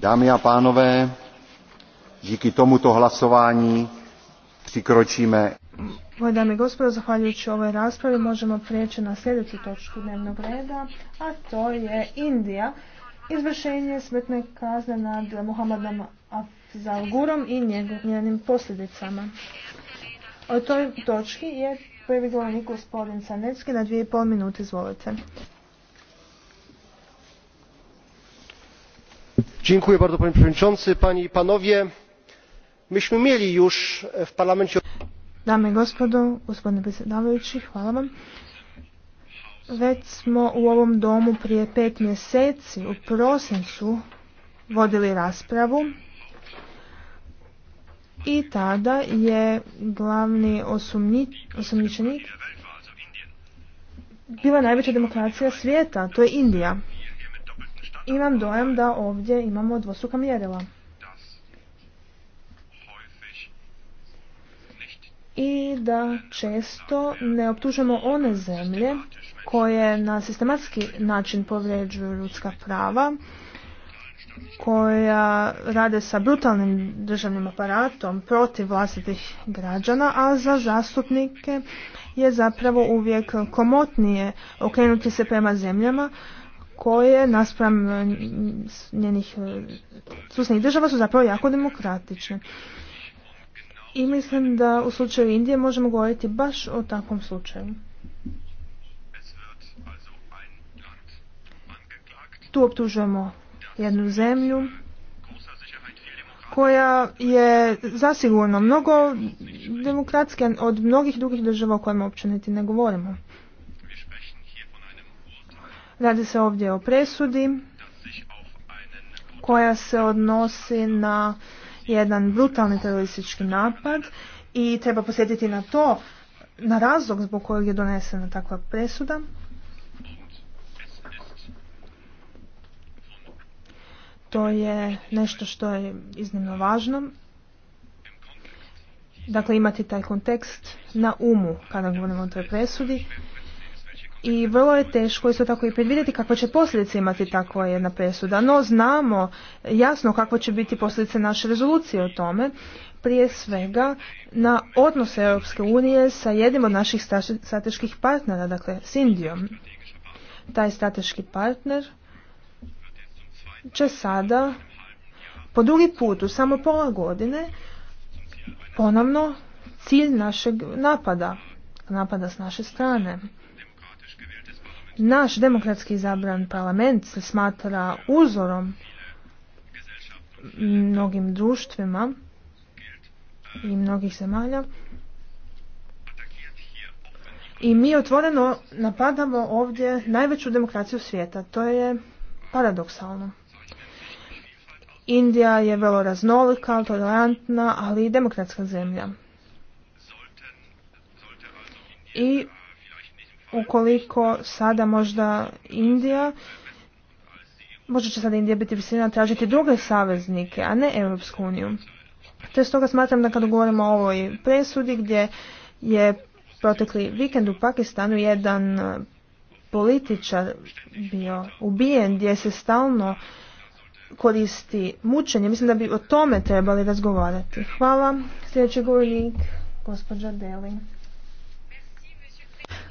dámy a pánové díky tomuto hlasování přikročíme moje dame i gospodo, zahvaljujući ovoj raspravi možemo prijeći na sljedeću točku dnevnog reda, a to je Indija. Izvršenje smrtne kazne nad Muhammadom Afzalgurom i njenim posljedicama. O toj točki je prvi govornik gospodin Sanecki na dvije i pol minute. Izvolite. panie przewodniczący! panie i panowie! myśmy mieli już w parlamencie. dame i gospodo gospodine predsjedavajući hvala vam već smo u ovom domu prije pet mjeseci u prosincu vodili raspravu i tada je glavni osumnjičenik bila najveća demokracija svijeta to je indija imam dojam da ovdje imamo dvostruka mjerila. I da često ne optužemo one zemlje koje na sistematski način povređuju ljudska prava, koja rade sa brutalnim državnim aparatom protiv vlastitih građana, a za zastupnike je zapravo uvijek komotnije okrenuti se prema zemljama koje naspram e, njenih e, susjednih država su zapravo jako demokratične. I mislim da u slučaju Indije možemo govoriti baš o takvom slučaju. Tu optužujemo jednu zemlju koja je zasigurno mnogo demokratska od mnogih drugih država o kojima uopće niti ne govorimo. Radi se ovdje o presudi koja se odnosi na jedan brutalni teroristički napad i treba posjetiti na to, na razlog zbog kojeg je donesena takva presuda. To je nešto što je iznimno važno. Dakle, imati taj kontekst na umu kada govorimo o toj presudi i vrlo je teško isto tako i predvidjeti kakve će posljedice imati takva jedna presuda. No znamo jasno kakve će biti posljedice naše rezolucije o tome, prije svega na odnose Europske unije sa jednim od naših strateških partnera, dakle s Indijom. Taj strateški partner će sada po drugi put u samo pola godine ponovno cilj našeg napada, napada s naše strane naš demokratski izabran parlament se smatra uzorom mnogim društvima i mnogih zemalja i mi otvoreno napadamo ovdje najveću demokraciju svijeta. To je paradoksalno. Indija je vrlo raznolika, tolerantna, ali i demokratska zemlja. I ukoliko sada možda Indija možda će sada Indija biti prisiljena tražiti druge saveznike, a ne Europsku uniju. Te stoga smatram da kada govorimo o ovoj presudi gdje je protekli vikend u Pakistanu jedan e, političar bio ubijen gdje se stalno koristi mučenje. Mislim da bi o tome trebali razgovarati. Hvala. Sljedeći govornik, gospođa Deli.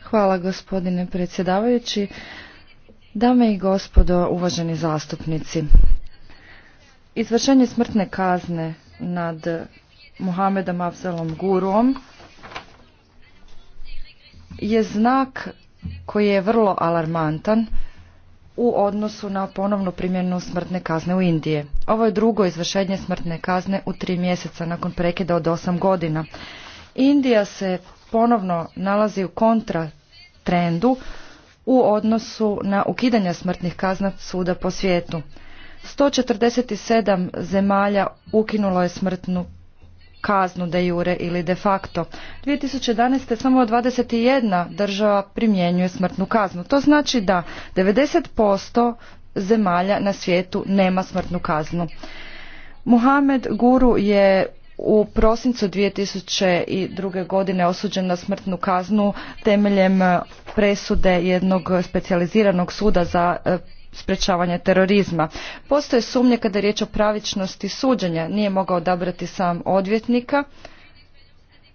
Hvala gospodine predsjedavajući. Dame i gospodo, uvaženi zastupnici. Izvršenje smrtne kazne nad Muhamedom Afzalom Gurom je znak koji je vrlo alarmantan u odnosu na ponovnu primjenu smrtne kazne u Indije. Ovo je drugo izvršenje smrtne kazne u tri mjeseca nakon prekida od osam godina. Indija se ponovno nalazi u kontra trendu u odnosu na ukidanje smrtnih kazna suda po svijetu. 147 zemalja ukinulo je smrtnu kaznu de jure ili de facto. 2011. samo 21 država primjenjuje smrtnu kaznu. To znači da 90% zemalja na svijetu nema smrtnu kaznu. Muhamed Guru je u prosincu 2002. godine osuđen na smrtnu kaznu temeljem e, presude jednog specijaliziranog suda za e, sprečavanje terorizma. Postoje sumnje kada je riječ o pravičnosti suđenja. Nije mogao odabrati sam odvjetnika,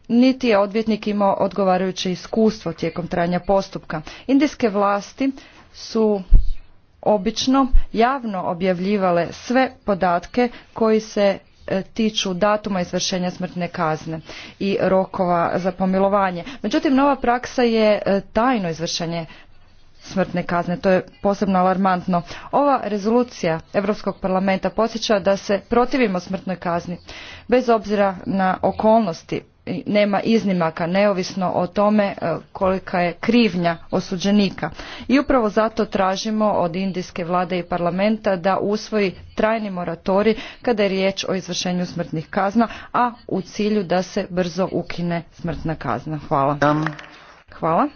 niti je odvjetnik imao odgovarajuće iskustvo tijekom trajanja postupka. Indijske vlasti su obično javno objavljivale sve podatke koji se tiču datuma izvršenja smrtne kazne i rokova za pomilovanje. Međutim, nova praksa je e, tajno izvršenje smrtne kazne. To je posebno alarmantno. Ova rezolucija Europskog parlamenta posjeća da se protivimo smrtnoj kazni, bez obzira na okolnosti nema iznimaka neovisno o tome e, kolika je krivnja osuđenika. I upravo zato tražimo od indijske vlade i parlamenta da usvoji trajni moratorij kada je riječ o izvršenju smrtnih kazna, a u cilju da se brzo ukine smrtna kazna. Hvala. Hvala.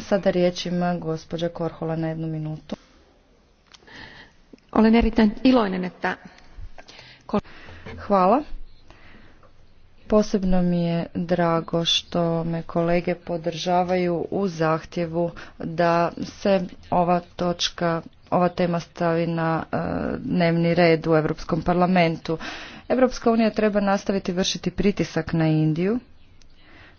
Sada riječ ima gospođa Korhola na jednu minutu. Hvala. Posebno mi je drago što me kolege podržavaju u zahtjevu da se ova točka, ova tema stavi na e, dnevni red u Europskom parlamentu. Europska unija treba nastaviti vršiti pritisak na Indiju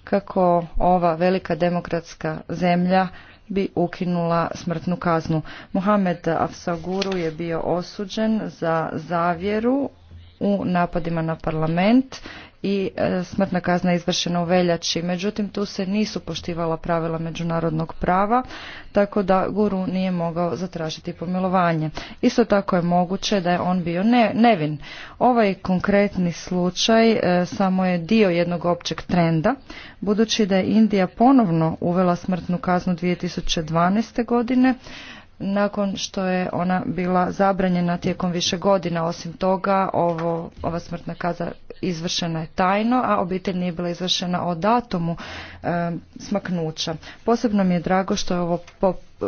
kako ova velika demokratska zemlja bi ukinula smrtnu kaznu. Mohamed Afsaguru je bio osuđen za zavjeru u napadima na parlament i e, smrtna kazna je izvršena u veljači. Međutim, tu se nisu poštivala pravila međunarodnog prava, tako da guru nije mogao zatražiti pomilovanje. Isto tako je moguće da je on bio nevin. Ovaj konkretni slučaj e, samo je dio jednog općeg trenda, budući da je Indija ponovno uvela smrtnu kaznu 2012. godine, nakon što je ona bila zabranjena tijekom više godina. Osim toga, ovo, ova smrtna kaza izvršena je tajno, a obitelj nije bila izvršena o datumu e, smaknuća. Posebno mi je drago što je ovo,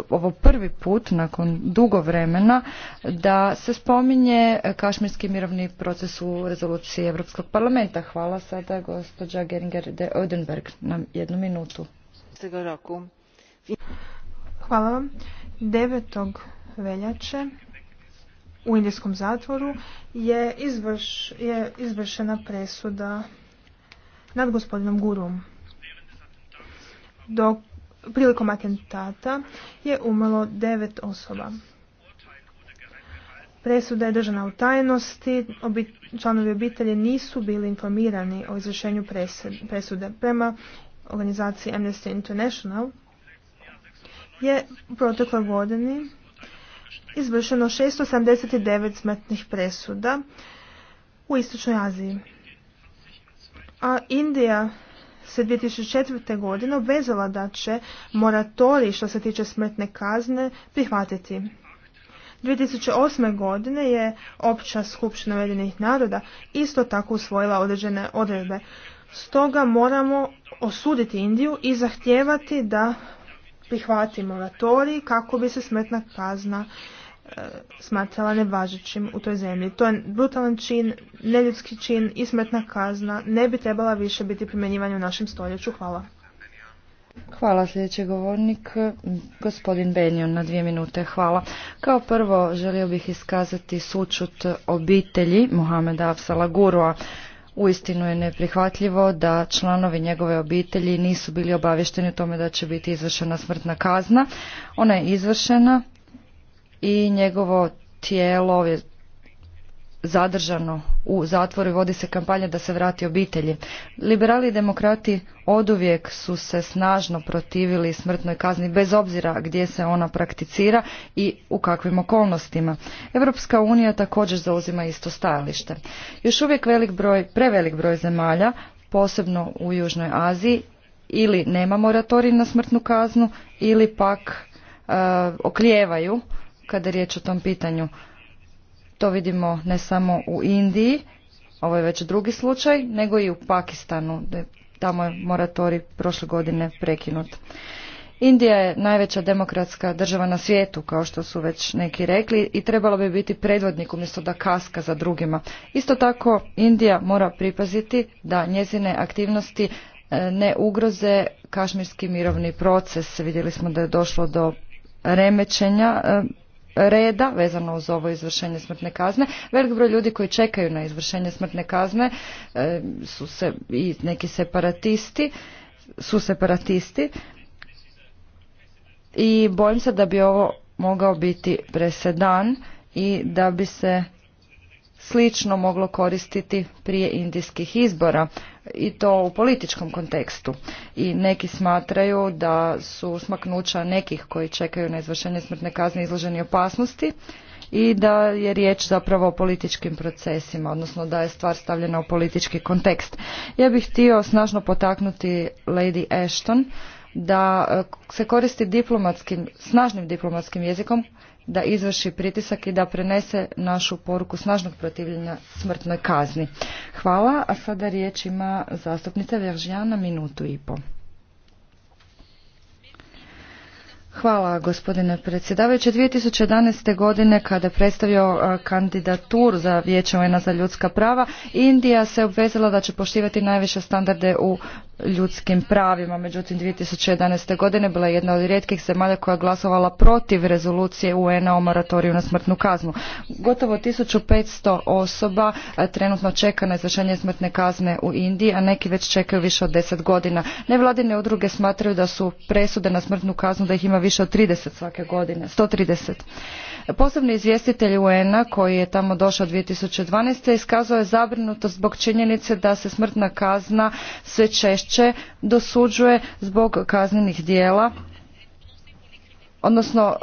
ovo prvi put nakon dugo vremena da se spominje kašmirski mirovni proces u rezoluciji Europskog parlamenta. Hvala sada gospođa Geringer de Odenberg, na jednu minutu. Hvala vam. 9. veljače u indijskom zatvoru je, izvrš, je izvršena presuda nad gospodinom Gurum. Dok prilikom atentata je umrlo devet osoba. Presuda je držana u tajnosti, članovi obitelji nisu bili informirani o izvršenju presude. Prema organizaciji Amnesty International je u protekloj godini izvršeno 689 smrtnih presuda u Istočnoj Aziji. A Indija se 2004. godine obvezala da će moratorij što se tiče smrtne kazne prihvatiti. 2008. godine je Opća skupština Ujedinih naroda isto tako usvojila određene odredbe. Stoga moramo osuditi Indiju i zahtijevati da prihvati moratorij kako bi se smrtna kazna e, smatrala nevažećim u toj zemlji. To je brutalan čin, neljudski čin i smrtna kazna ne bi trebala više biti primjenjivanja u našem stoljeću. Hvala. Hvala sljedeći govornik, gospodin Benjon na dvije minute. Hvala. Kao prvo želio bih iskazati sučut obitelji Mohameda Afsala Gurua. Uistinu je neprihvatljivo da članovi njegove obitelji nisu bili obavješteni o tome da će biti izvršena smrtna kazna. Ona je izvršena i njegovo tijelo je zadržano u zatvoru i vodi se kampanja da se vrati obitelji. Liberali i demokrati oduvijek su se snažno protivili smrtnoj kazni bez obzira gdje se ona prakticira i u kakvim okolnostima. Europska unija također zauzima isto stajalište. Još uvijek velik broj, prevelik broj zemalja, posebno u Južnoj Aziji, ili nema moratorij na smrtnu kaznu ili pak okrijevaju oklijevaju kada je riječ o tom pitanju. To vidimo ne samo u Indiji, ovo je već drugi slučaj, nego i u Pakistanu, tamo je moratorij prošle godine prekinut. Indija je najveća demokratska država na svijetu, kao što su već neki rekli, i trebalo bi biti predvodnik umjesto da kaska za drugima. Isto tako, Indija mora pripaziti da njezine aktivnosti e, ne ugroze kašmirski mirovni proces. Vidjeli smo da je došlo do remećenja e, reda vezano uz ovo izvršenje smrtne kazne. Velik broj ljudi koji čekaju na izvršenje smrtne kazne e, su se i neki separatisti, su separatisti i bojim se da bi ovo mogao biti presedan i da bi se slično moglo koristiti prije indijskih izbora i to u političkom kontekstu. I neki smatraju da su smaknuća nekih koji čekaju na izvršenje smrtne kazne izloženi opasnosti i da je riječ zapravo o političkim procesima, odnosno da je stvar stavljena u politički kontekst. Ja bih htio snažno potaknuti Lady Ashton da eh, se koristi diplomatskim, snažnim diplomatskim jezikom da izvrši pritisak i da prenese našu poruku snažnog protivljenja smrtnoj kazni. Hvala, a sada riječ ima zastupnica Veržijana minutu i po. Hvala gospodine predsjedavajući. 2011. godine kada je predstavio e, kandidatur za vijeće za ljudska prava, Indija se obvezala da će poštivati najviše standarde u ljudskim pravima. Međutim, 2011. godine bila je jedna od rijetkih zemalja koja glasovala protiv rezolucije UN-a o moratoriju na smrtnu kaznu. Gotovo 1500 osoba trenutno čeka na izvršenje smrtne kazne u Indiji, a neki već čekaju više od 10 godina. Nevladine udruge smatraju da su presude na smrtnu kaznu da ih ima više od 30 svake godine, 130. Posebni izvjestitelj UN-a koji je tamo došao 2012. iskazao je zabrinutost zbog činjenice da se smrtna kazna sve češće dosuđuje zbog kaznenih djela odnosno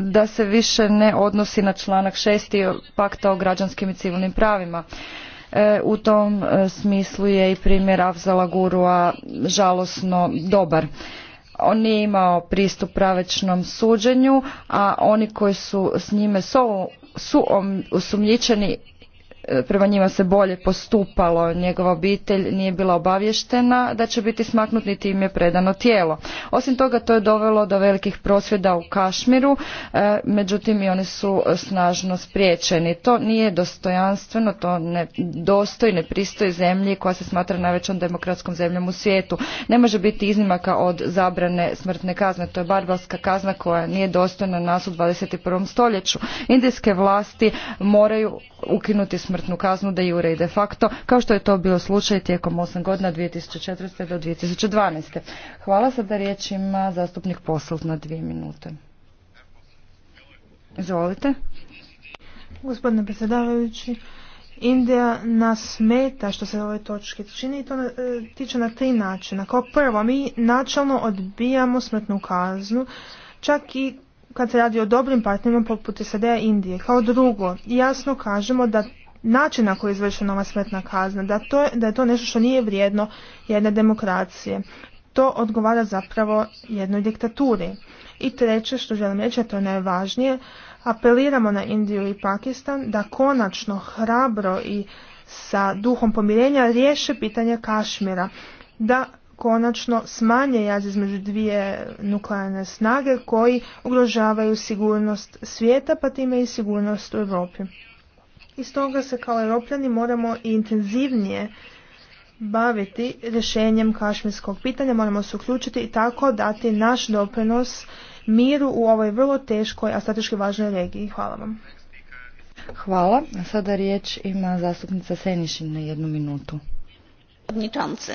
da se više ne odnosi na članak 6. pakta o građanskim i civilnim pravima. E, u tom e, smislu je i primjer Avzala Gurua žalosno dobar on nije imao pristup pravičnom suđenju, a oni koji su s njime su, su um, osumnjičeni E, prema njima se bolje postupalo, njegova obitelj nije bila obavještena da će biti smaknut niti im je predano tijelo. Osim toga to je dovelo do velikih prosvjeda u Kašmiru, e, međutim i oni su snažno spriječeni. To nije dostojanstveno, to ne dostoji, ne pristoji zemlji koja se smatra najvećom demokratskom zemljom u svijetu. Ne može biti iznimaka od zabrane smrtne kazne, to je barbarska kazna koja nije dostojna nas u 21. stoljeću. Indijske vlasti moraju ukinuti smrtnu kaznu de jure i de facto, kao što je to bio slučaj tijekom 8 godina 2004. do 2012. Hvala sada riječ ima zastupnik Posl na dvije minute. Izvolite. Gospodine predsjedavajući, Indija nas smeta što se ove točke čini i to e, tiče na tri načina. Kao prvo, mi načalno odbijamo smrtnu kaznu, čak i kad se radi o dobrim partnerima poput sed a Indije. Kao drugo, jasno kažemo da način na koji je izvršena ova smrtna kazna, da, to, da je to nešto što nije vrijedno jedne demokracije. To odgovara zapravo jednoj diktaturi. I treće što želim reći, a to je najvažnije, apeliramo na Indiju i Pakistan da konačno hrabro i sa duhom pomirenja riješe pitanje Kašmira, da konačno smanje jaz između dvije nuklearne snage koji ugrožavaju sigurnost svijeta pa time i sigurnost u Europi i stoga se kao europljani moramo i intenzivnije baviti rješenjem kašmirskog pitanja, moramo se uključiti i tako dati naš doprinos miru u ovoj vrlo teškoj, a strateški važnoj regiji. Hvala vam. Hvala. Sada riječ ima zastupnica Senišin na jednu minutu. Przewodniczący,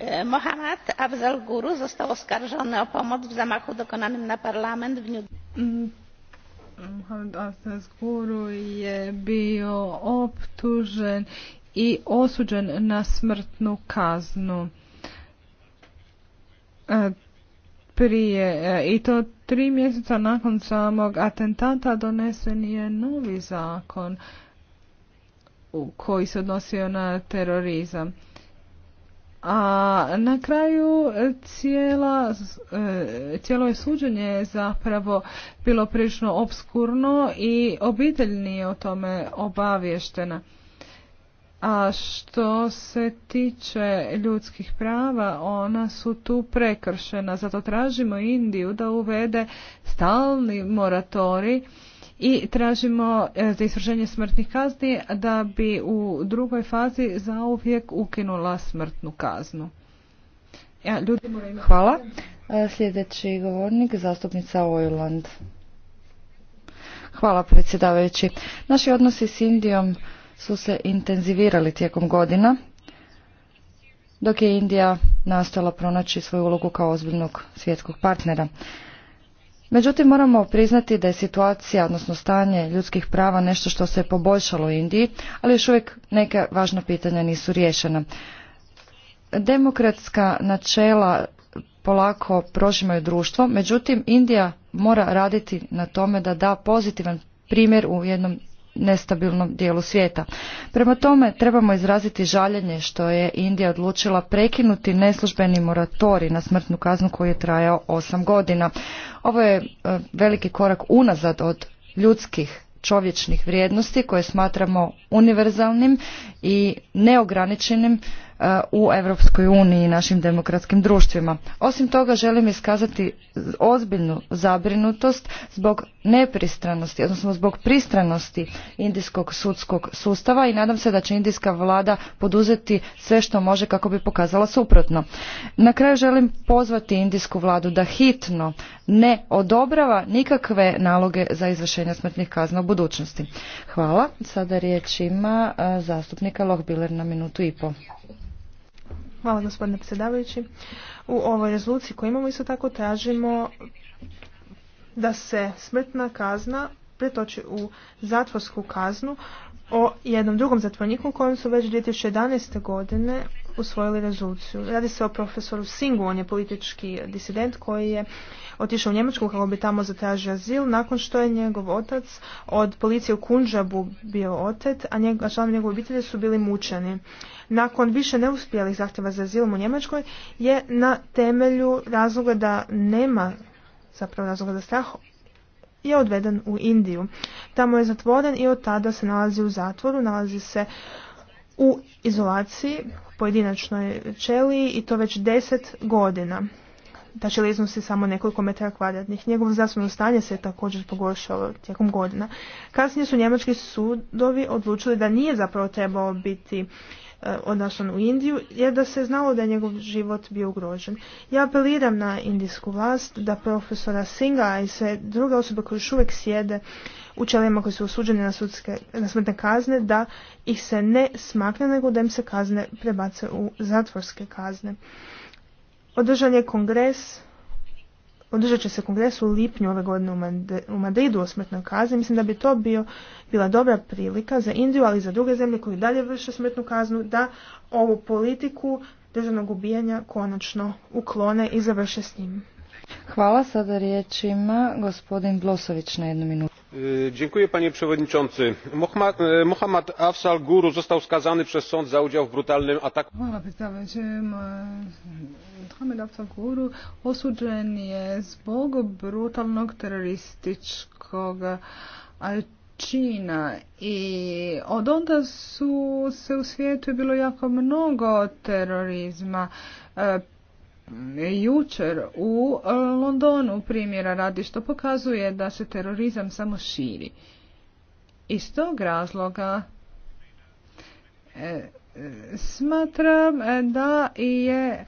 e, Mohamed Afzal Guru został oskarżony o pomoc w zamachu dokonanym na parlament w mm, Mohamed Asnes Guru je bio optužen i osuđen na smrtnu kaznu. E, prije, e, i to tri mjeseca nakon samog atentata donesen je novi zakon koji se odnosio na terorizam. A na kraju e, cijela, e, cijelo je suđenje zapravo bilo prilično obskurno i obitelj nije o tome obavještena. A što se tiče ljudskih prava, ona su tu prekršena. Zato tražimo Indiju da uvede stalni moratorij i tražimo e, za izvršenje smrtnih kazni da bi u drugoj fazi zauvijek ukinula smrtnu kaznu. Hvala. E, sljedeći govornik, zastupnica Ojland. Hvala predsjedavajući. Naši odnosi s Indijom su se intenzivirali tijekom godina, dok je Indija nastala pronaći svoju ulogu kao ozbiljnog svjetskog partnera. Međutim, moramo priznati da je situacija, odnosno stanje ljudskih prava nešto što se je poboljšalo u Indiji, ali još uvijek neka važna pitanja nisu riješena. Demokratska načela polako prožimaju društvo, međutim Indija mora raditi na tome da da pozitivan primjer u jednom nestabilnom dijelu svijeta. Prema tome trebamo izraziti žaljenje što je Indija odlučila prekinuti neslužbeni moratorij na smrtnu kaznu koji je trajao osam godina. Ovo je e, veliki korak unazad od ljudskih čovječnih vrijednosti koje smatramo univerzalnim i neograničenim u Europskoj uniji i našim demokratskim društvima. Osim toga želim iskazati ozbiljnu zabrinutost zbog nepristranosti, odnosno zbog pristranosti indijskog sudskog sustava i nadam se da će indijska vlada poduzeti sve što može kako bi pokazala suprotno. Na kraju želim pozvati indijsku vladu da hitno ne odobrava nikakve naloge za izvršenje smrtnih kazna u budućnosti. Hvala. Sada riječ ima zastupnika Lohbiler na minutu i pol. Hvala gospodine predsjedavajući. U ovoj rezoluciji koju imamo isto tako tražimo da se smrtna kazna pretoči u zatvorsku kaznu o jednom drugom zatvorniku kojem su već 2011. godine usvojili rezoluciju. Radi se o profesoru Singu, on je politički disident koji je otišao u Njemačku kako bi tamo zatražio azil nakon što je njegov otac od policije u Kunđabu bio otet, a, njeg, članovi njegove obitelji su bili mučeni. Nakon više neuspjelih zahtjeva za azilom u Njemačkoj je na temelju razloga da nema zapravo razloga za strah je odveden u Indiju. Tamo je zatvoren i od tada se nalazi u zatvoru, nalazi se u izolaciji pojedinačnoj čeliji i to već deset godina. Ta čeli iznosi samo nekoliko metara kvadratnih. Njegovo zdravstveno stanje se je također pogoršalo tijekom godina. Kasnije su njemački sudovi odlučili da nije zapravo trebao biti Eh, odnosno u Indiju jer da se znalo da je njegov život bio ugrožen. Ja apeliram na indijsku vlast da profesora Singa i sve druge osobe koje još uvijek sjede u čelima koji su osuđeni na, sudske, na smrtne kazne da ih se ne smakne nego da im se kazne prebace u zatvorske kazne. Održan je kongres održat će se kongres u lipnju ove godine u Madridu o smrtnoj kazni. Mislim da bi to bio, bila dobra prilika za Indiju, ali i za druge zemlje koji dalje vrše smrtnu kaznu, da ovu politiku državnog ubijanja konačno uklone i završe s njim. Hvala, sada riječima, gospodin Blosović na jednu minutu. E, panie przewodniczący! E, mohammad afzal guru został skazany przez sąd za udział w brutalnym ataku. mohamed afzal guru osuđen je zbog brutalnog terorističkog čina i od onda su se u svijetu bilo jako mnogo terorizma e, jučer u e, Londonu primjera radi što pokazuje da se terorizam samo širi. Iz tog razloga e, e, smatram da je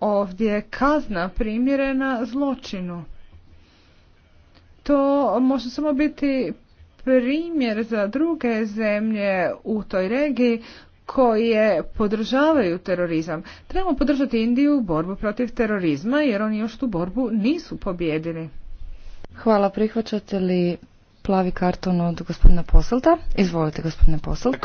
ovdje kazna primjerena zločinu. To može samo biti primjer za druge zemlje u toj regiji koje podržavaju terorizam. Trebamo podržati Indiju u borbu protiv terorizma jer oni još tu borbu nisu pobjedili. Hvala, prihvaćate li plavi karton od gospodina Poselta? Izvolite gospodine Poselt.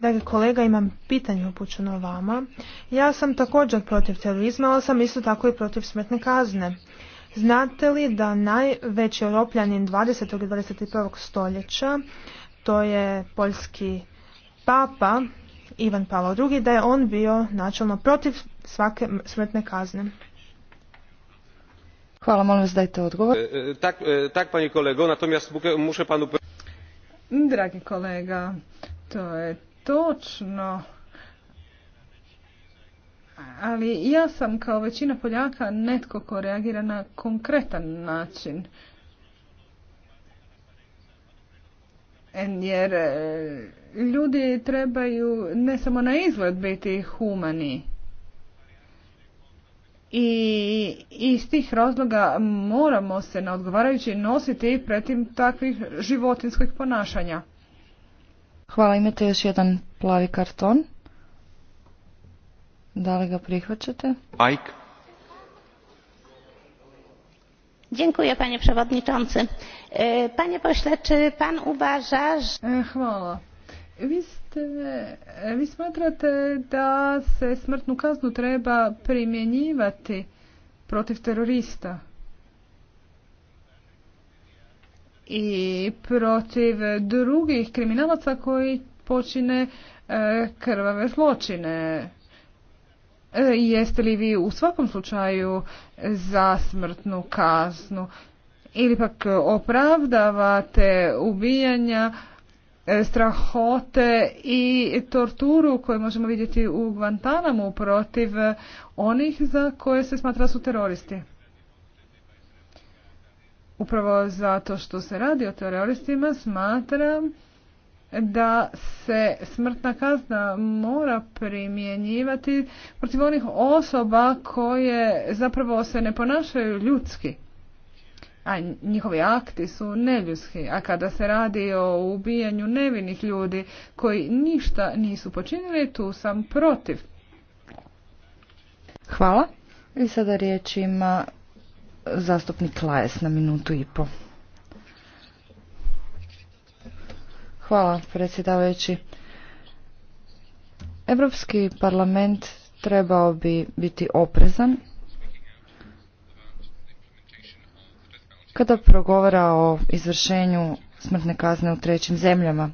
Dakle, kolega, imam pitanje upućeno vama. Ja sam također protiv terorizma, ali sam isto tako i protiv smetne kazne. Znate li da najveći europljanin 20. i 21. stoljeća, to je poljski papa Ivan Paolo II da je on bio načelno protiv svake smrtne kazne. Hvala, molim vas dajte odgovor. E, e, tak, e, tak pani kolego, panu... Dragi kolega, to je točno. Ali ja sam kao većina Poljaka netko ko reagira na konkretan način. jer e, ljudi trebaju ne samo na izgled biti humani i iz tih razloga moramo se na odgovarajući nositi pretim takvih životinskih ponašanja. Hvala, imate još jedan plavi karton. Da li ga prihvaćate? Ajk. Dziękuję, panie przewodniczący. E, panie pośle, czy pan uważa, e, Hvala. E, vi smatrate da se smrtnu kaznu treba primjenjivati protiv terorista i protiv drugih kriminalaca koji počine krvave zločine E, jeste li vi u svakom slučaju za smrtnu kaznu ili pak opravdavate ubijanja, e, strahote i torturu koju možemo vidjeti u Guantanamu protiv onih za koje se smatra su teroristi? Upravo zato što se radi o teroristima smatram da se smrtna kazna mora primjenjivati protiv onih osoba koje zapravo se ne ponašaju ljudski a njihovi akti su neljudski, a kada se radi o ubijanju nevinih ljudi koji ništa nisu počinili, tu sam protiv. Hvala. I sada riječ ima zastupnik Lajes na minutu i po. Hvala, predsjedavajući. Europski parlament trebao bi biti oprezan kada progovara o izvršenju smrtne kazne u trećim zemljama.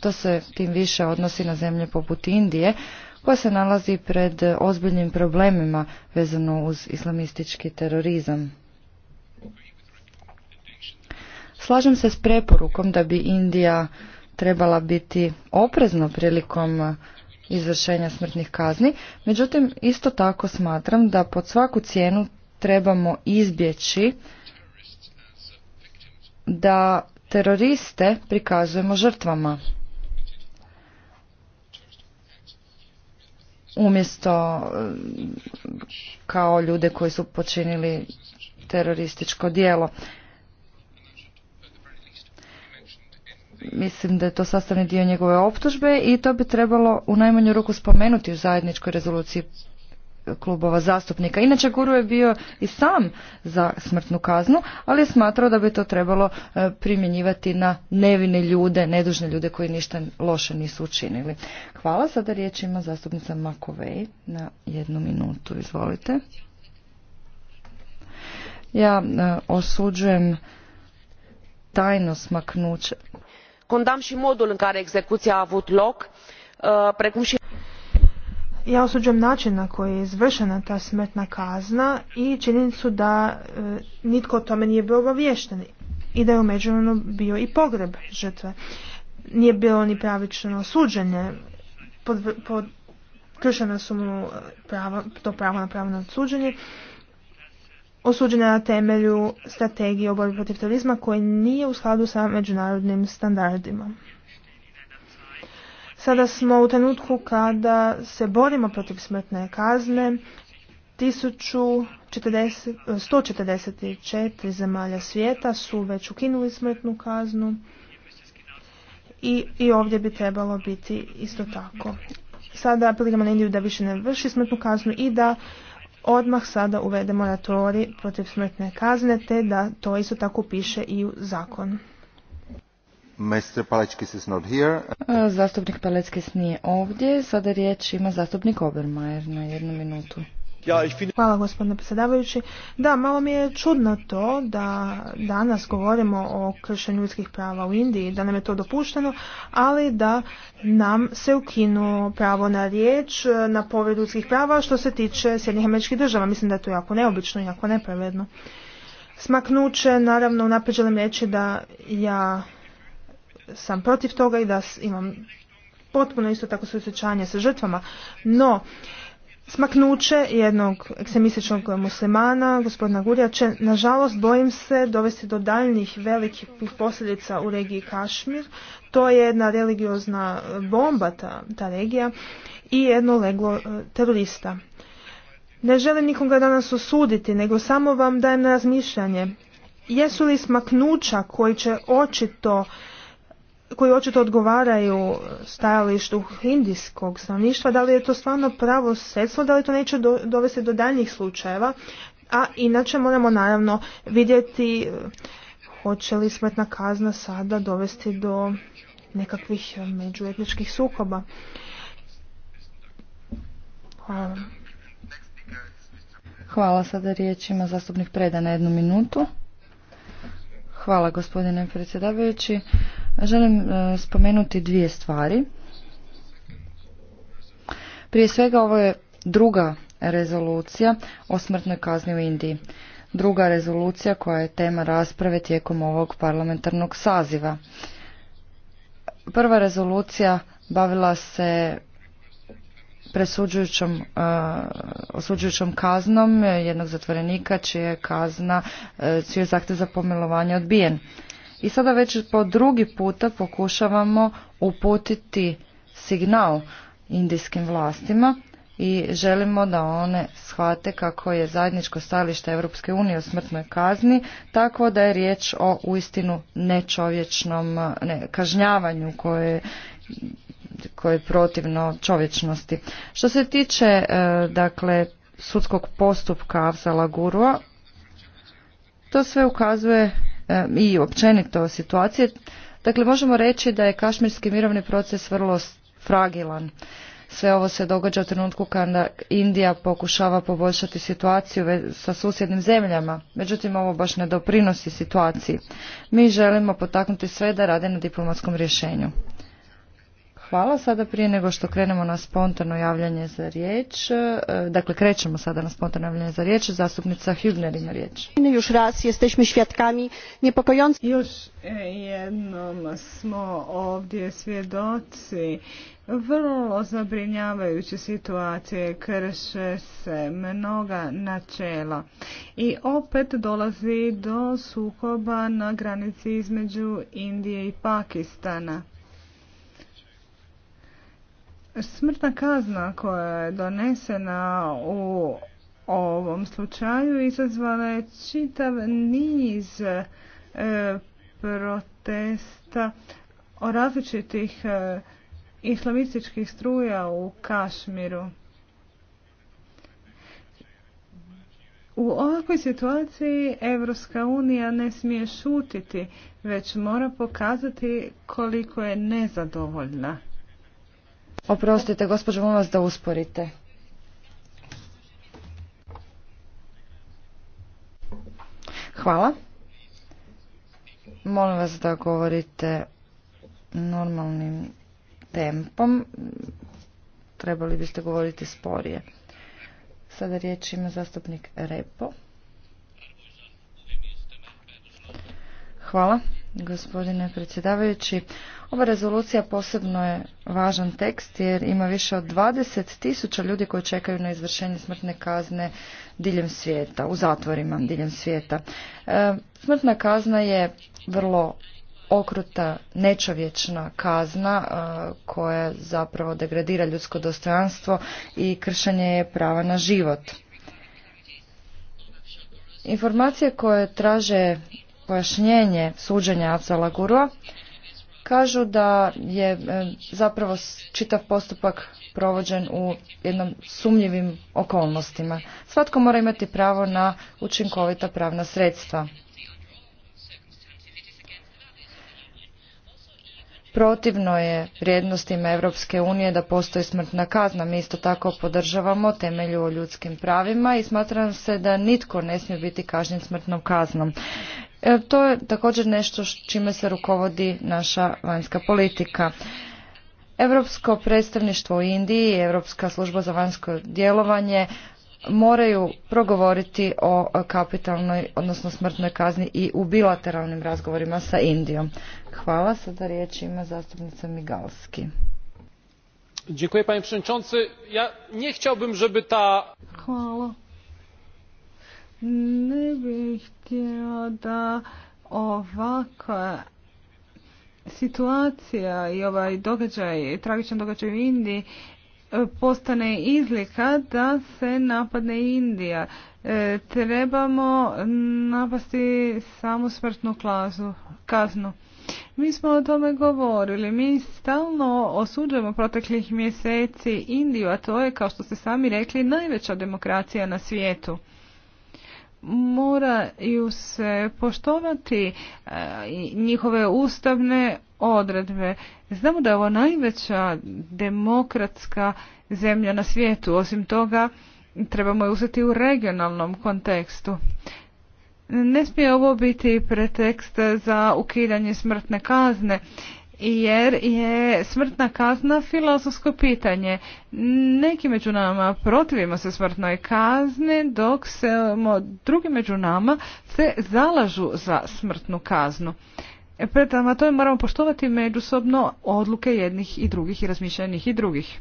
To se tim više odnosi na zemlje poput Indije, koja se nalazi pred ozbiljnim problemima vezano uz islamistički terorizam. Slažem se s preporukom da bi Indija trebala biti oprezno prilikom izvršenja smrtnih kazni. Međutim, isto tako smatram da pod svaku cijenu trebamo izbjeći da teroriste prikazujemo žrtvama. Umjesto e, kao ljude koji su počinili terorističko djelo. mislim da je to sastavni dio njegove optužbe i to bi trebalo u najmanju ruku spomenuti u zajedničkoj rezoluciji klubova zastupnika. Inače, Guru je bio i sam za smrtnu kaznu, ali je smatrao da bi to trebalo e, primjenjivati na nevine ljude, nedužne ljude koji ništa loše nisu učinili. Hvala. Sada riječ ima zastupnica Makovej na jednu minutu. Izvolite. Ja e, osuđujem tajno smaknuće condamn modul în care execuia a avut loc uh, precum ja osuđujem način na koji je izvršena ta smrtna kazna i činjenicu da e, nitko o tome nije bio obaviješten i da je umeđunarodno bio i pogreb žrtve. Nije bilo ni pravično suđenje, pod, pod, kršena su mu prava, to pravo na pravno suđenje osuđena na temelju strategije o protiv terorizma koji nije u skladu sa međunarodnim standardima. Sada smo u trenutku kada se borimo protiv smrtne kazne, 144 zemalja svijeta su već ukinuli smrtnu kaznu i, i ovdje bi trebalo biti isto tako. Sada apeliramo na Indiju da više ne vrši smrtnu kaznu i da odmah sada uvedemo na protiv smrtne kazne, te da to isto tako piše i u zakon. E, zastupnik Paleckis nije ovdje. Sada riječ ima zastupnik Obermajer na jednu minutu. Hvala gospodine predsjedavajući. Da, malo mi je čudno to da danas govorimo o kršenju ljudskih prava u Indiji, da nam je to dopušteno, ali da nam se ukinu pravo na riječ, na povred ljudskih prava što se tiče Sjednih američkih država. Mislim da je to jako neobično i jako nepravedno. Smaknuće, naravno, unaprijed želim reći da ja sam protiv toga i da imam potpuno isto tako suosjećanje sa žrtvama, no Smaknuće jednog eksemističnog muslimana, gospodina Gurja, će, nažalost, bojim se, dovesti do daljnjih velikih posljedica u regiji Kašmir. To je jedna religiozna bomba, ta, regija, i jedno leglo e, terorista. Ne želim nikoga danas osuditi, nego samo vam dajem na razmišljanje. Jesu li smaknuća koji će očito koji očito odgovaraju stajalištu hindijskog stanovništva, da li je to stvarno pravo sredstvo, da li to neće dovesti do daljnjih slučajeva, a inače moramo naravno vidjeti eh, hoće li smrtna kazna sada dovesti do nekakvih eh, međuetničkih sukoba. Hvala. Hvala sada riječima zastupnik preda na jednu minutu. Hvala gospodine predsjedavajući. Želim e, spomenuti dvije stvari. Prije svega ovo je druga rezolucija o smrtnoj kazni u Indiji. Druga rezolucija koja je tema rasprave tijekom ovog parlamentarnog saziva. Prva rezolucija bavila se presuđujućom e, osuđujućom kaznom jednog zatvorenika čija je kazna, uh, je zahtjev za pomilovanje odbijen. I sada već po drugi puta pokušavamo uputiti signal indijskim vlastima i želimo da one shvate kako je zajedničko stajalište Europske unije o smrtnoj kazni tako da je riječ o uistinu nečovječnom ne, kažnjavanju koje koje je protivno čovječnosti. Što se tiče e, dakle sudskog postupka Avsala Gurua, to sve ukazuje i općenito situacije. Dakle, možemo reći da je kašmirski mirovni proces vrlo fragilan. Sve ovo se događa u trenutku kada Indija pokušava poboljšati situaciju sa susjednim zemljama. Međutim, ovo baš ne doprinosi situaciji. Mi želimo potaknuti sve da rade na diplomatskom rješenju. Hvala. Sada prije nego što krenemo na spontano javljanje za riječ, e, dakle krećemo sada na spontano javljanje za riječ, zastupnica Hübner ima riječ. Još raz jesteśmy świadkami niepokojących... Još e, jednom smo ovdje svjedoci vrlo zabrinjavajuće situacije, krše se mnoga načela i opet dolazi do sukoba na granici između Indije i Pakistana. Smrtna kazna koja je donesena u ovom slučaju izazvala je čitav niz e, protesta o različitih e, islamističkih struja u Kašmiru. U ovakvoj situaciji Evropska unija ne smije šutiti, već mora pokazati koliko je nezadovoljna. Oprostite, gospođo, molim vas da usporite. Hvala. Molim vas da govorite normalnim tempom. Trebali biste govoriti sporije. Sada riječ ima zastupnik Repo. Hvala gospodine predsjedavajući. Ova rezolucija posebno je važan tekst jer ima više od 20 tisuća ljudi koji čekaju na izvršenje smrtne kazne diljem svijeta, u zatvorima diljem svijeta. E, smrtna kazna je vrlo okruta, nečovječna kazna e, koja zapravo degradira ljudsko dostojanstvo i kršenje je prava na život. Informacije koje traže pojašnjenje suđenja Afzala Gurua kažu da je e, zapravo čitav postupak provođen u jednom sumnjivim okolnostima. Svatko mora imati pravo na učinkovita pravna sredstva. Protivno je vrijednostima Evropske unije da postoji smrtna kazna. Mi isto tako podržavamo temelju o ljudskim pravima i smatram se da nitko ne smije biti kažnjen smrtnom kaznom. E, to je također nešto čime se rukovodi naša vanjska politika. Europsko predstavništvo u Indiji i Europska služba za vanjsko djelovanje moraju progovoriti o kapitalnoj, odnosno smrtnoj kazni i u bilateralnim razgovorima sa Indijom. Hvala. Sada riječ ima zastupnica Migalski. Dziękuję panie przewodniczący. Ja nie chciałbym, żeby ta... Hvala. Ne bih htjela da ovakva situacija i ovaj događaj, tragičan događaj u Indiji e, postane izlika da se napadne Indija. E, trebamo napasti samo smrtnu kaznu. Mi smo o tome govorili. Mi stalno osuđujemo proteklih mjeseci Indiju, a to je, kao što ste sami rekli, najveća demokracija na svijetu moraju se poštovati e, njihove ustavne odredbe. Znamo da je ovo najveća demokratska zemlja na svijetu. Osim toga, trebamo je uzeti u regionalnom kontekstu. Ne smije ovo biti pretekst za ukidanje smrtne kazne jer je smrtna kazna filozofsko pitanje. Neki među nama protivimo se smrtnoj kazni, dok se drugi među nama se zalažu za smrtnu kaznu. E, to je moramo poštovati međusobno odluke jednih i drugih i razmišljenih i drugih.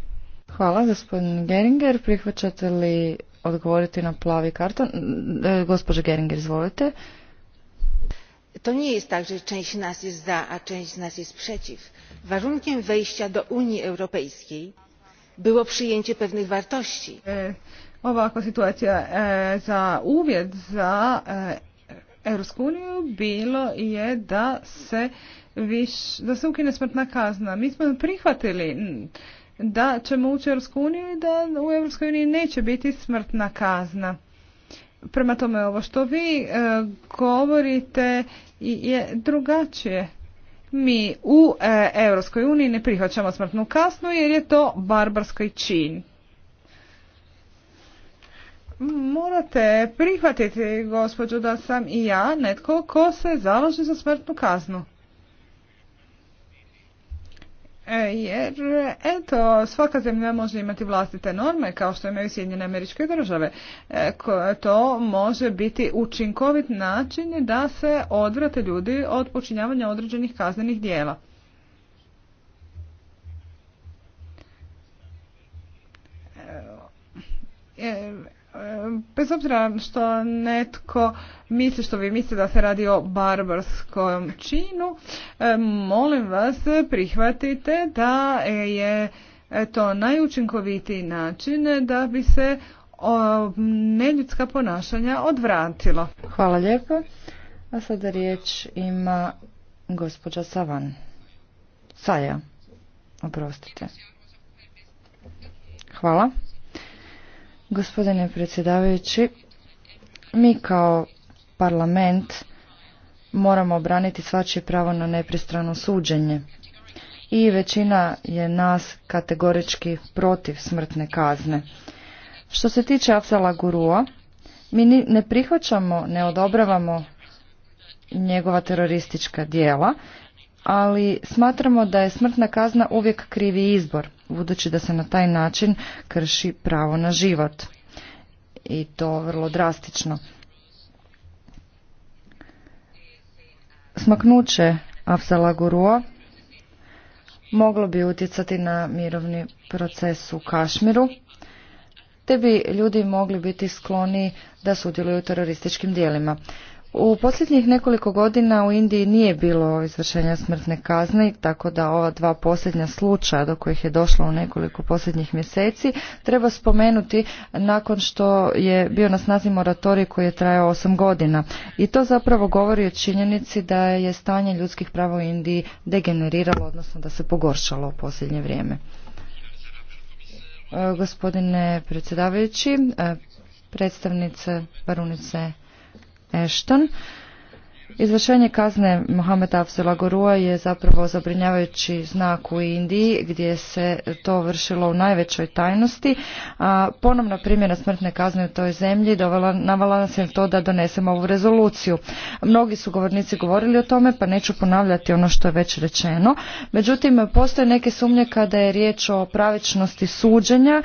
Hvala, gospodin Geringer. Prihvaćate li odgovoriti na plavi karton? E, Geringer, izvolite to nie jest tak że część nas jest za a część z nas jest przeciw. warunkiem wejścia do unii europejskiej było przyjęcie pewnych wartości. E, ovakva situacija e, za uvjet za e, europsku uniju bilo je da se viš, da se ukine smrtna kazna. Mi smo prihvatili da ćemo ući u Europsku uniju i da u Europskoj uniji neće biti smrtna kazna. Prema tome, ovo što vi e, govorite je drugačije. Mi u e, Europskoj uniji ne prihvaćamo smrtnu kasnu jer je to barbarski čin. Morate prihvatiti, gospođo, da sam i ja netko ko se zalaže za smrtnu kaznu. E, jer eto svaka zemlja može imati vlastite norme kao što imaju Sjedinjene američke države. E, to može biti učinkovit način da se odvrate ljudi od počinjavanja određenih kaznenih dijela. E, bez obzira što netko misli što vi mislite da se radi o barbarskom činu, molim vas prihvatite da je to najučinkovitiji način da bi se neljudska ponašanja odvratilo. Hvala lijepo. A sada riječ ima gospođa Savan. Saja, oprostite. Hvala. Gospodine predsjedavajući, mi kao parlament moramo obraniti svačije pravo na nepristrano suđenje. I većina je nas kategorički protiv smrtne kazne. Što se tiče Afzala Gurua, mi ne prihvaćamo, ne odobravamo njegova teroristička dijela ali smatramo da je smrtna kazna uvijek krivi izbor, budući da se na taj način krši pravo na život. I to vrlo drastično. Smaknuće Afzala Gurua moglo bi utjecati na mirovni proces u Kašmiru, te bi ljudi mogli biti skloni da sudjeluju u terorističkim dijelima. U posljednjih nekoliko godina u Indiji nije bilo izvršenja smrtne kazne, tako da ova dva posljednja slučaja do kojih je došlo u nekoliko posljednjih mjeseci treba spomenuti nakon što je bio na snazi moratorij koji je trajao osam godina. I to zapravo govori o činjenici da je stanje ljudskih prava u Indiji degeneriralo, odnosno da se pogoršalo u posljednje vrijeme. E, gospodine predsjedavajući, e, predstavnice Barunice Ashton. Izvršenje kazne Mohameda Afzela Gorua je zapravo zabrinjavajući znak u Indiji gdje se to vršilo u najvećoj tajnosti, a ponovna primjena smrtne kazne u toj zemlji dovela, navala nas je to da donesemo ovu rezoluciju. Mnogi su govornici govorili o tome pa neću ponavljati ono što je već rečeno. Međutim, postoje neke sumnje kada je riječ o pravičnosti suđenja. E,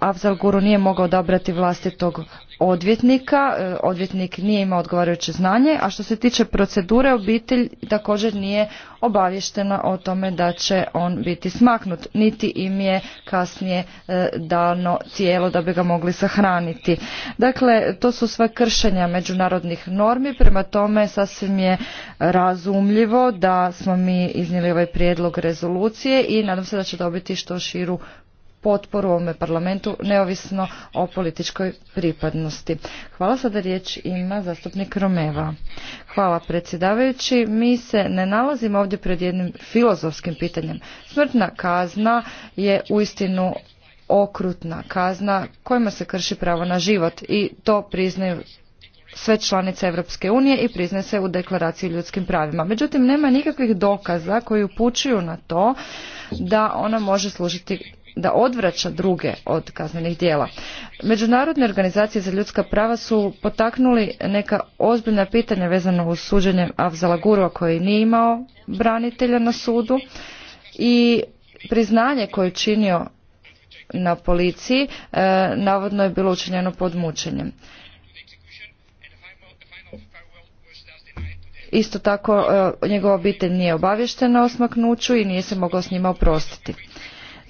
Afzal Guru nije mogao odabrati vlastitog odvjetnika, e, odvjetnik nije imao odgovarajuće znanje, a što se tiče procedure obitelj također nije obavještena o tome da će on biti smaknut, niti im je kasnije e, dano cijelo da bi ga mogli sahraniti. Dakle, to su sve kršenja međunarodnih normi, prema tome sasvim je razumljivo da smo mi iznijeli ovaj prijedlog rezolucije i nadam se da će dobiti što širu potporu ovome parlamentu neovisno o političkoj pripadnosti. Hvala sada riječ ima zastupnik Romeva. Hvala predsjedavajući. Mi se ne nalazimo ovdje pred jednim filozofskim pitanjem. Smrtna kazna je uistinu okrutna kazna kojima se krši pravo na život i to priznaju sve članice Europske unije i priznaje se u deklaraciji ljudskim pravima. Međutim, nema nikakvih dokaza koji upućuju na to da ona može služiti da odvraća druge od kaznenih djela. Međunarodne organizacije za ljudska prava su potaknuli neka ozbiljna pitanja vezano uz suđenje Avzala Gurova koji nije imao branitelja na sudu i priznanje koje je činio na policiji e, navodno je bilo učinjeno pod mučenjem. Isto tako e, njegova obitelj nije obavještena o smaknuću i nije se mogao s njima oprostiti.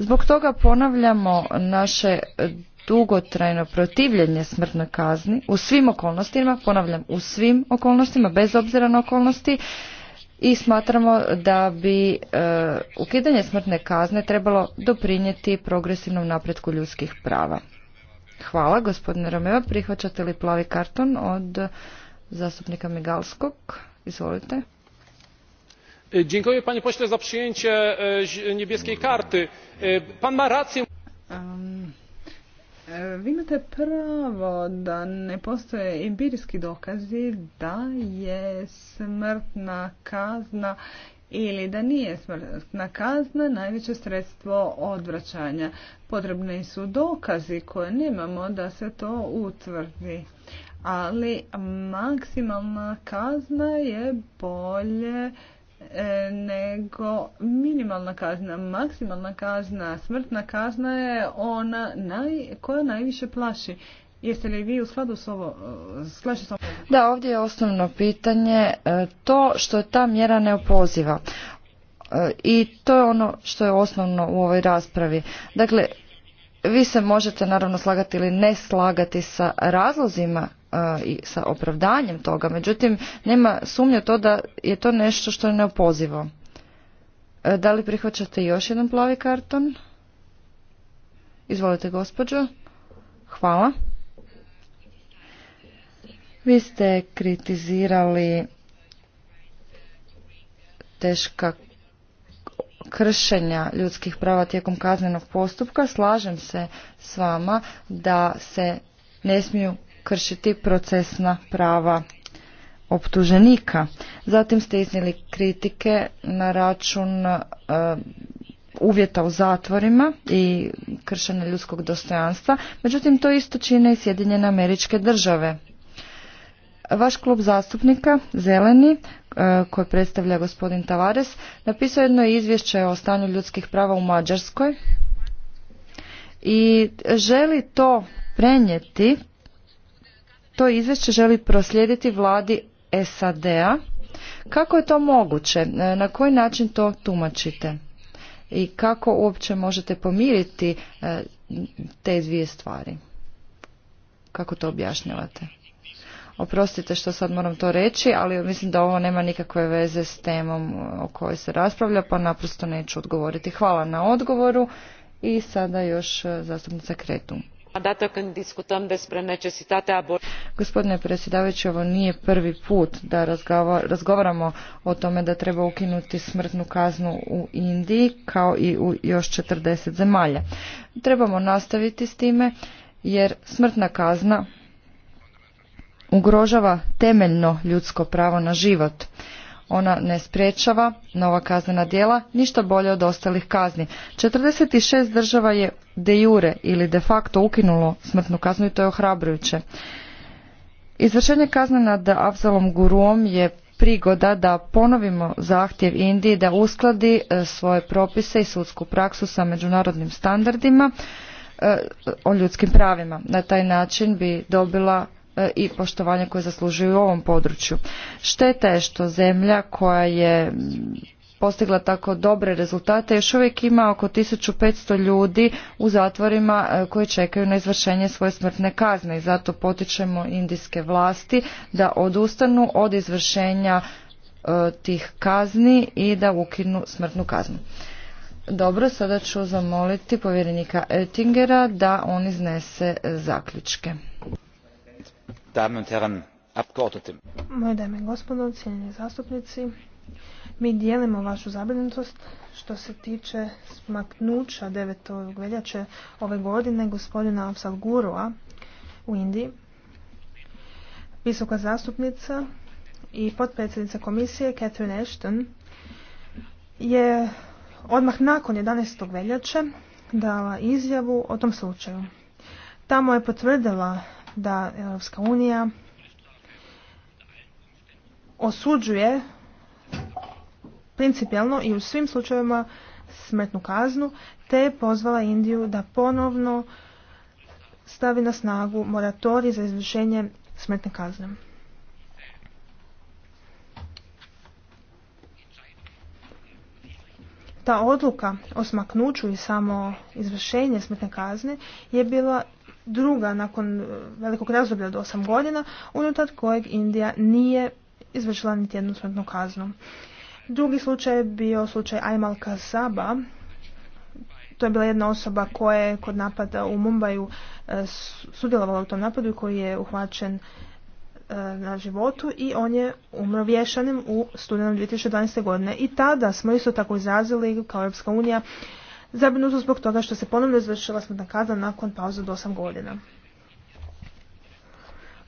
Zbog toga ponavljamo naše dugotrajno protivljenje smrtnoj kazni u svim okolnostima, ponavljam u svim okolnostima, bez obzira na okolnosti i smatramo da bi e, ukidanje smrtne kazne trebalo doprinijeti progresivnom napretku ljudskih prava. Hvala gospodine Romeo, prihvaćate li plavi karton od zastupnika Migalskog? Izvolite. E, dziękuję panie pośle za przyjęcie e, niebieskiej karty. E, pan ma rację. vi imate pravo da ne postoje empirijski dokazi da je smrtna kazna ili da nije smrtna kazna najveće sredstvo odvraćanja. Potrebni su dokazi koje nemamo da se to utvrdi. Ali maksimalna kazna je bolje E, nego minimalna kazna, maksimalna kazna, smrtna kazna je ona naj, koja najviše plaši. Jeste li vi u skladu s ovo? S ovo? Da, ovdje je osnovno pitanje e, to što je ta mjera neopoziva. E, I to je ono što je osnovno u ovoj raspravi. Dakle, vi se možete naravno slagati ili ne slagati sa razlozima i sa opravdanjem toga, međutim nema sumnje to da je to nešto što je neopozivo. E, da li prihvaćate još jedan plavi karton? Izvolite gospođo. Hvala. Vi ste kritizirali teška kršenja ljudskih prava tijekom kaznenog postupka. Slažem se s vama da se ne smiju kršiti procesna prava optuženika. Zatim ste iznijeli kritike na račun e, uvjeta u zatvorima i kršene ljudskog dostojanstva, međutim to isto čine i Sjedinjene američke države. Vaš klub zastupnika, Zeleni, e, koje predstavlja gospodin Tavares, napisao jedno izvješće o stanju ljudskih prava u Mađarskoj i želi to prenijeti to izvješće želi proslijediti vladi SAD-a. Kako je to moguće? E, na koji način to tumačite? I kako uopće možete pomiriti e, te dvije stvari? Kako to objašnjavate? Oprostite što sad moram to reći, ali mislim da ovo nema nikakve veze s temom o kojoj se raspravlja, pa naprosto neću odgovoriti. Hvala na odgovoru i sada još e, zastupnica Kretum. Gospodine predsjedavajući, ovo nije prvi put da razgovaramo o tome da treba ukinuti smrtnu kaznu u Indiji kao i u još 40 zemalja. Trebamo nastaviti s time jer smrtna kazna ugrožava temeljno ljudsko pravo na život. Ona ne sprječava nova kaznena djela, ništa bolje od ostalih kazni. 46 država je de jure ili de facto ukinulo smrtnu kaznu i to je ohrabrujuće. Izvršenje kazne nad Avzalom Guruom je prigoda da ponovimo zahtjev Indiji da uskladi e, svoje propise i sudsku praksu sa međunarodnim standardima e, o ljudskim pravima. Na taj način bi dobila E, i poštovanja koje zaslužuju u ovom području. Šteta je što zemlja koja je postigla tako dobre rezultate još uvijek ima oko 1500 ljudi u zatvorima e, koji čekaju na izvršenje svoje smrtne kazne i zato potičemo indijske vlasti da odustanu od izvršenja e, tih kazni i da ukinu smrtnu kaznu. Dobro, sada ću zamoliti povjerenika Oettingera da on iznese zaključke. Damen und Herren Abgeordnete. Moje dame i gospodo, cijenjeni zastupnici, mi dijelimo vašu zabrinutost što se tiče smaknuća devet veljače ove godine gospodina Afsal Gurua u Indiji. Visoka zastupnica i potpredsjednica komisije Catherine Ashton je odmah nakon 11. veljače dala izjavu o tom slučaju. Tamo je potvrdila da Europska unija osuđuje principijelno i u svim slučajevima smrtnu kaznu, te je pozvala Indiju da ponovno stavi na snagu moratorij za izvršenje smrtne kazne. Ta odluka o smaknuću i samo izvršenje smrtne kazne je bila druga nakon eh, velikog razdoblja od osam godina, unutar kojeg Indija nije izvršila niti jednu smrtnu kaznu. Drugi slučaj je bio slučaj Aymal Kasaba. To je bila jedna osoba koja je kod napada u Mumbaju eh, sudjelovala u tom napadu i koji je uhvaćen eh, na životu i on je umro vješanim u studenom 2012. godine. I tada smo isto tako izrazili kao Europska unija zabrinuto zbog toga što se ponovno izvršila smrtna kazna nakon pauze od 8 godina.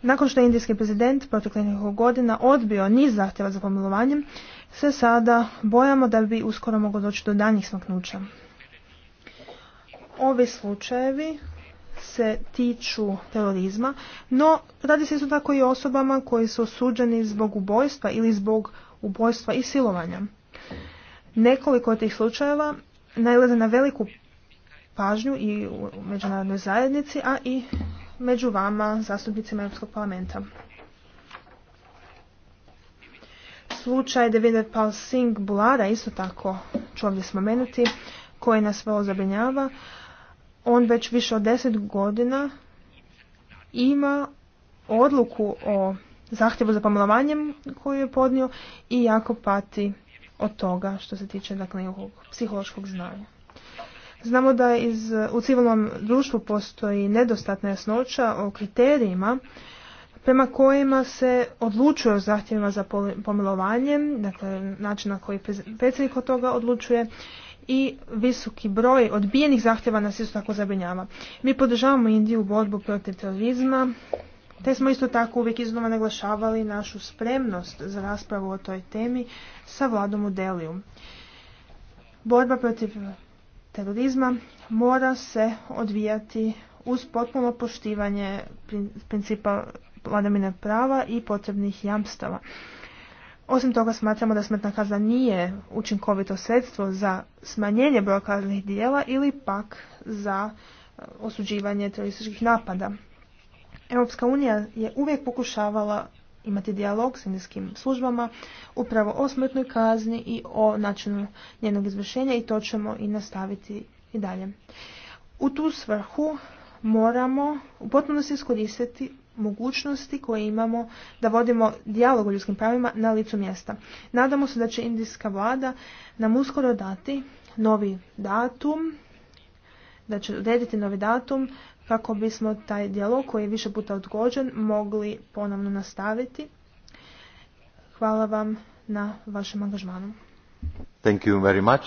Nakon što je indijski prezident proteklih godina odbio niz zahtjeva za pomilovanjem, se sada bojamo da bi uskoro moglo doći do danjih smaknuća. Ovi slučajevi se tiču terorizma, no radi se isto tako i o osobama koji su osuđeni zbog ubojstva ili zbog ubojstva i silovanja. Nekoliko od tih slučajeva najlaze na veliku pažnju i u međunarodnoj zajednici, a i među vama, zastupnicima Europskog parlamenta. Slučaj David Paul Singh Bulara, isto tako ću ovdje spomenuti, koji nas vrlo zabrinjava. On već više od deset godina ima odluku o zahtjevu za pomilovanjem koju je podnio i jako pati od toga što se tiče dakle, psihološkog znanja. Znamo da iz, u civilnom društvu postoji nedostatna jasnoća o kriterijima prema kojima se odlučuje o zahtjevima za pomilovanje, dakle način na koji predsjednik od toga odlučuje i visoki broj odbijenih zahtjeva nas isto tako zabrinjava. Mi podržavamo Indiju u borbu protiv terorizma, te smo isto tako uvijek iznova naglašavali našu spremnost za raspravu o toj temi sa vladom u Deliju. Borba protiv terorizma mora se odvijati uz potpuno poštivanje principa vladamine prava i potrebnih jamstava. Osim toga smatramo da smrtna kazna nije učinkovito sredstvo za smanjenje broja kaznenih dijela ili pak za e, osuđivanje terorističkih napada. Europska unija je uvijek pokušavala imati dijalog s indijskim službama upravo o smrtnoj kazni i o načinu njenog izvršenja i to ćemo i nastaviti i dalje. U tu svrhu moramo u potpunosti iskoristiti mogućnosti koje imamo da vodimo dijalog o ljudskim pravima na licu mjesta. Nadamo se da će indijska vlada nam uskoro dati novi datum, da će odrediti novi datum kako bismo taj dijalog koji je više puta odgođen mogli ponovno nastaviti. Hvala vam na vašem angažmanu. Thank you very much.